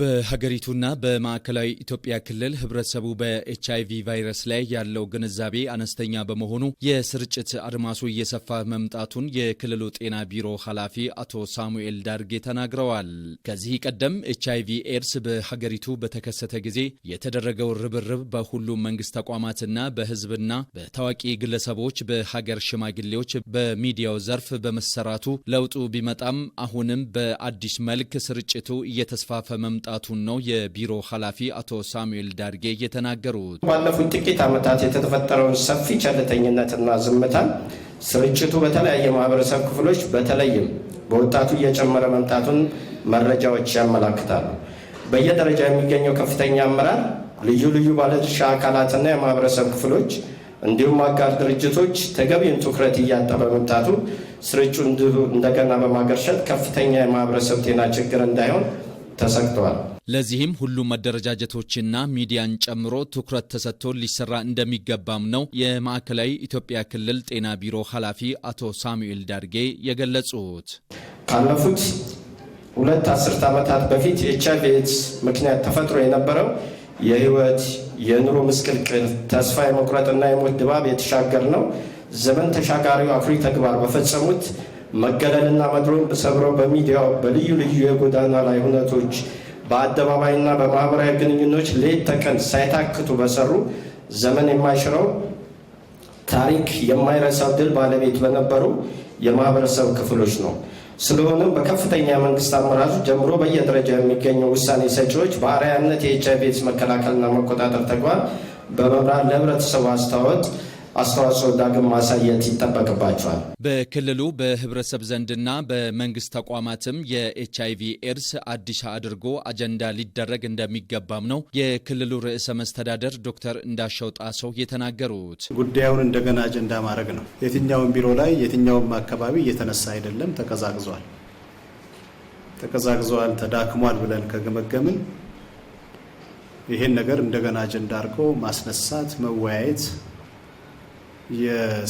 በሀገሪቱና በማዕከላዊ ኢትዮጵያ ክልል ህብረተሰቡ በኤችአይቪ ቫይረስ ላይ ያለው ግንዛቤ አነስተኛ በመሆኑ የስርጭት አድማሱ እየሰፋ መምጣቱን የክልሉ ጤና ቢሮ ኃላፊ አቶ ሳሙኤል ዳርጌ ተናግረዋል። ከዚህ ቀደም ኤችአይቪ ኤድስ በሀገሪቱ በተከሰተ ጊዜ የተደረገው ርብርብ በሁሉም መንግስት ተቋማትና በህዝብና በታዋቂ ግለሰቦች፣ በሀገር ሽማግሌዎች፣ በሚዲያው ዘርፍ በመሰራቱ ለውጡ ቢመጣም አሁንም በአዲስ መልክ ስርጭቱ እየተስፋፈ መምጣ መምጣቱን ነው የቢሮ ኃላፊ አቶ ሳሙኤል ዳርጌ የተናገሩት። ባለፉት ጥቂት ዓመታት የተፈጠረውን ሰፊ ቸልተኝነትና ዝምታን ስርጭቱ በተለያየ ማህበረሰብ ክፍሎች በተለይም በወጣቱ እየጨመረ መምጣቱን መረጃዎች ያመላክታሉ። በየደረጃ የሚገኘው ከፍተኛ አመራር ልዩ ልዩ ባለድርሻ አካላትና የማህበረሰብ ክፍሎች እንዲሁም አጋር ድርጅቶች ተገቢውን ትኩረት እያጣ በመምጣቱ ስርጩ እንደገና በማገርሸት ከፍተኛ የማህበረሰብ ጤና ችግር እንዳይሆን ተሰጥተዋል። ለዚህም ሁሉም መደረጃጀቶችና ሚዲያን ጨምሮ ትኩረት ተሰጥቶ ሊሰራ እንደሚገባም ነው የማዕከላዊ ኢትዮጵያ ክልል ጤና ቢሮ ኃላፊ አቶ ሳሙኤል ዳርጌ የገለጹት። ካለፉት ሁለት አስርት ዓመታት በፊት የኤች ኤድስ ምክንያት ተፈጥሮ የነበረው የህይወት የኑሮ ምስቅልቅል፣ ተስፋ የመቁረጥና የሞት ድባብ የተሻገር ነው ዘመን ተሻጋሪው አኩሪ ተግባር በፈጸሙት መገለልና መድሮን ሰብረው በሚዲያው በልዩ ልዩ የጎዳና ላይ እውነቶች በአደባባይና በማህበራዊ ግንኙነቶች ሌት ተቀን ሳይታክቱ በሰሩ ዘመን የማይሽረው ታሪክ የማይረሳው ድል ባለቤት በነበሩ የማህበረሰብ ክፍሎች ነው። ስለሆነም በከፍተኛ የመንግስት አመራሩ ጀምሮ በየደረጃ የሚገኙ ውሳኔ ሰጪዎች በአርአያነት የኤች አይ ቪ ኤድስ መከላከልና መቆጣጠር ተግባር በመምራት ለህብረተሰቡ አስተዋወቅ አስተዋጽኦ ዳግም ማሳየት ይጠበቅባቸዋል። በክልሉ በህብረተሰብ ዘንድና በመንግስት ተቋማትም የኤች አይቪ ኤድስ አዲስ አድርጎ አጀንዳ ሊደረግ እንደሚገባም ነው የክልሉ ርዕሰ መስተዳደር ዶክተር እንዳሸው ጣሰው የተናገሩት። ጉዳዩን እንደገና አጀንዳ ማድረግ ነው። የትኛውም ቢሮ ላይ የትኛውም አካባቢ እየተነሳ አይደለም፣ ተቀዛቅዟል። ተቀዛቅዘዋል ተዳክሟል ብለን ከገመገምን ይሄን ነገር እንደገና አጀንዳ አድርጎ ማስነሳት መወያየት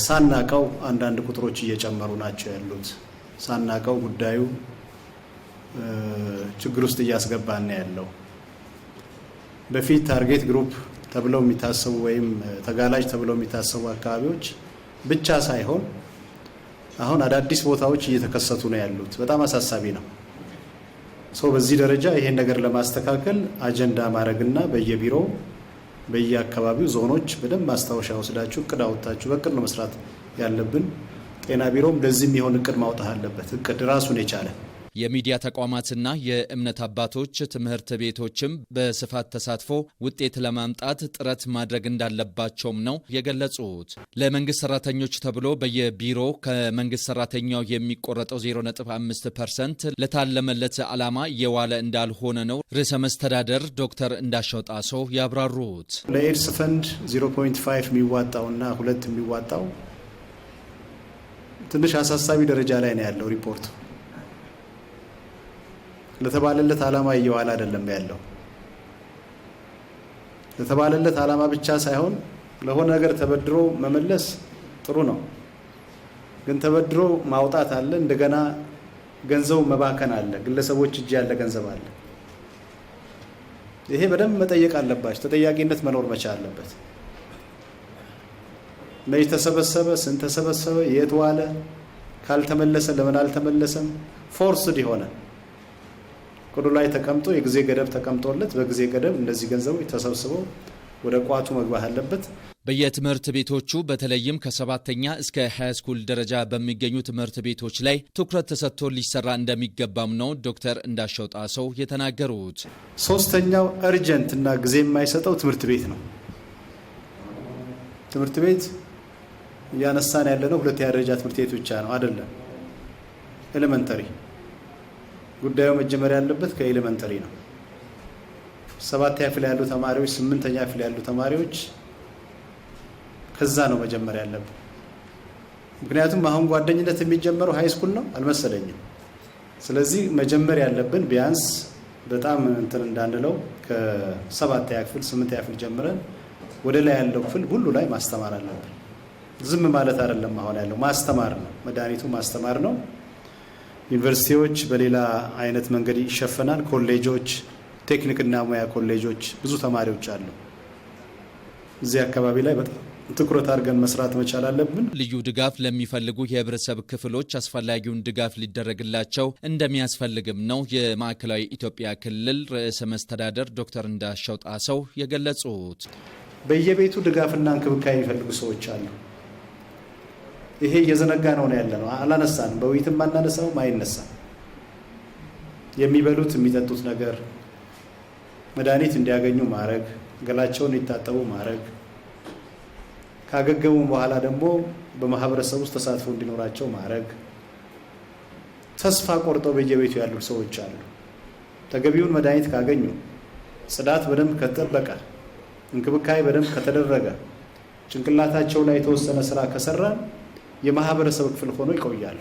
ሳናቀው አንዳንድ ቁጥሮች እየጨመሩ ናቸው ያሉት። ሳናቀው ጉዳዩ ችግር ውስጥ እያስገባን ያለው በፊት ታርጌት ግሩፕ ተብለው የሚታሰቡ ወይም ተጋላጭ ተብለው የሚታሰቡ አካባቢዎች ብቻ ሳይሆን አሁን አዳዲስ ቦታዎች እየተከሰቱ ነው ያሉት። በጣም አሳሳቢ ነው። ሰው በዚህ ደረጃ ይሄን ነገር ለማስተካከል አጀንዳ ማድረግና በየቢሮው በየአካባቢው ዞኖች በደንብ ማስታወሻ ወስዳችሁ እቅድ አውጥታችሁ በእቅድ ነው መስራት ያለብን። ጤና ቢሮም ለዚህም የሚሆን እቅድ ማውጣት አለበት። እቅድ ራሱን የቻለ የሚዲያ ተቋማትና የእምነት አባቶች ትምህርት ቤቶችም በስፋት ተሳትፎ ውጤት ለማምጣት ጥረት ማድረግ እንዳለባቸውም ነው የገለጹት። ለመንግስት ሰራተኞች ተብሎ በየቢሮ ከመንግስት ሰራተኛው የሚቆረጠው 0.5 ፐርሰንት ለታለመለት ዓላማ እየዋለ እንዳልሆነ ነው ርዕሰ መስተዳደር ዶክተር እንዳሻው ጣሶ ያብራሩት። ለኤድስ ፈንድ 0.5 የሚዋጣውና ሁለት የሚዋጣው ትንሽ አሳሳቢ ደረጃ ላይ ነው ያለው ሪፖርቱ። ለተባለለት ዓላማ እየዋለ አይደለም ያለው። ለተባለለት ዓላማ ብቻ ሳይሆን ለሆነ ነገር ተበድሮ መመለስ ጥሩ ነው፣ ግን ተበድሮ ማውጣት አለ። እንደገና ገንዘቡ መባከን አለ። ግለሰቦች እጅ ያለ ገንዘብ አለ። ይሄ በደንብ መጠየቅ አለባቸው። ተጠያቂነት መኖር መቻል አለበት። መች ተሰበሰበ፣ ስንት ተሰበሰበ፣ የት ዋለ፣ ካልተመለሰ ለምን አልተመለሰም፣ ፎርስድ ይሆናል። ቅዱ ላይ ተቀምጦ የጊዜ ገደብ ተቀምጦለት በጊዜ ገደብ እነዚህ ገንዘቦች ተሰብስበው ወደ ቋቱ መግባት አለበት። በየትምህርት ቤቶቹ በተለይም ከሰባተኛ እስከ ሃይስኩል ደረጃ በሚገኙ ትምህርት ቤቶች ላይ ትኩረት ተሰጥቶ ሊሰራ እንደሚገባም ነው ዶክተር እንዳሻው ጣሰው የተናገሩት። ሶስተኛው እርጀንት እና ጊዜ የማይሰጠው ትምህርት ቤት ነው። ትምህርት ቤት እያነሳን ያለነው ሁለተኛ ደረጃ ትምህርት ቤት ብቻ ነው አይደለም ኤሌመንተሪ ጉዳዩ መጀመር ያለበት ከኤሌመንተሪ ነው። ሰባተኛ ክፍል ያሉ ተማሪዎች፣ ስምንተኛ ክፍል ያሉ ተማሪዎች ከዛ ነው መጀመር ያለብን። ምክንያቱም አሁን ጓደኝነት የሚጀመረው ሃይስኩል ነው አልመሰለኝም። ስለዚህ መጀመር ያለብን ቢያንስ በጣም እንትን እንዳንለው ከሰባተኛ ክፍል ስምንተኛ ክፍል ጀምረን ወደ ላይ ያለው ክፍል ሁሉ ላይ ማስተማር አለብን። ዝም ማለት አይደለም አሁን ያለው ማስተማር ነው። መድኃኒቱ ማስተማር ነው። ዩኒቨርሲቲዎች በሌላ አይነት መንገድ ይሸፈናል። ኮሌጆች፣ ቴክኒክና ሙያ ኮሌጆች ብዙ ተማሪዎች አሉ። እዚህ አካባቢ ላይ በጣም ትኩረት አድርገን መስራት መቻል አለብን። ልዩ ድጋፍ ለሚፈልጉ የህብረተሰብ ክፍሎች አስፈላጊውን ድጋፍ ሊደረግላቸው እንደሚያስፈልግም ነው የማዕከላዊ ኢትዮጵያ ክልል ርዕሰ መስተዳደር ዶክተር እንዳሻው ጣሰው የገለጹት። በየቤቱ ድጋፍና እንክብካቤ የሚፈልጉ ሰዎች አሉ። ይሄ እየዘነጋ ነው ያለ ነው። አላነሳን በውይይትም አናነሳውም፣ አይነሳም። የሚበሉት የሚጠጡት ነገር መድኃኒት እንዲያገኙ ማድረግ፣ ገላቸውን እንዲታጠቡ ማድረግ፣ ካገገሙ በኋላ ደግሞ በማህበረሰብ ውስጥ ተሳትፎ እንዲኖራቸው ማድረግ። ተስፋ ቆርጠው በየቤቱ ያሉ ሰዎች አሉ። ተገቢውን መድኃኒት ካገኙ፣ ጽዳት በደንብ ከተጠበቀ፣ እንክብካቤ በደንብ ከተደረገ፣ ጭንቅላታቸው ላይ የተወሰነ ስራ ከሰራን የማህበረሰብ ክፍል ሆኖ ይቆያሉ።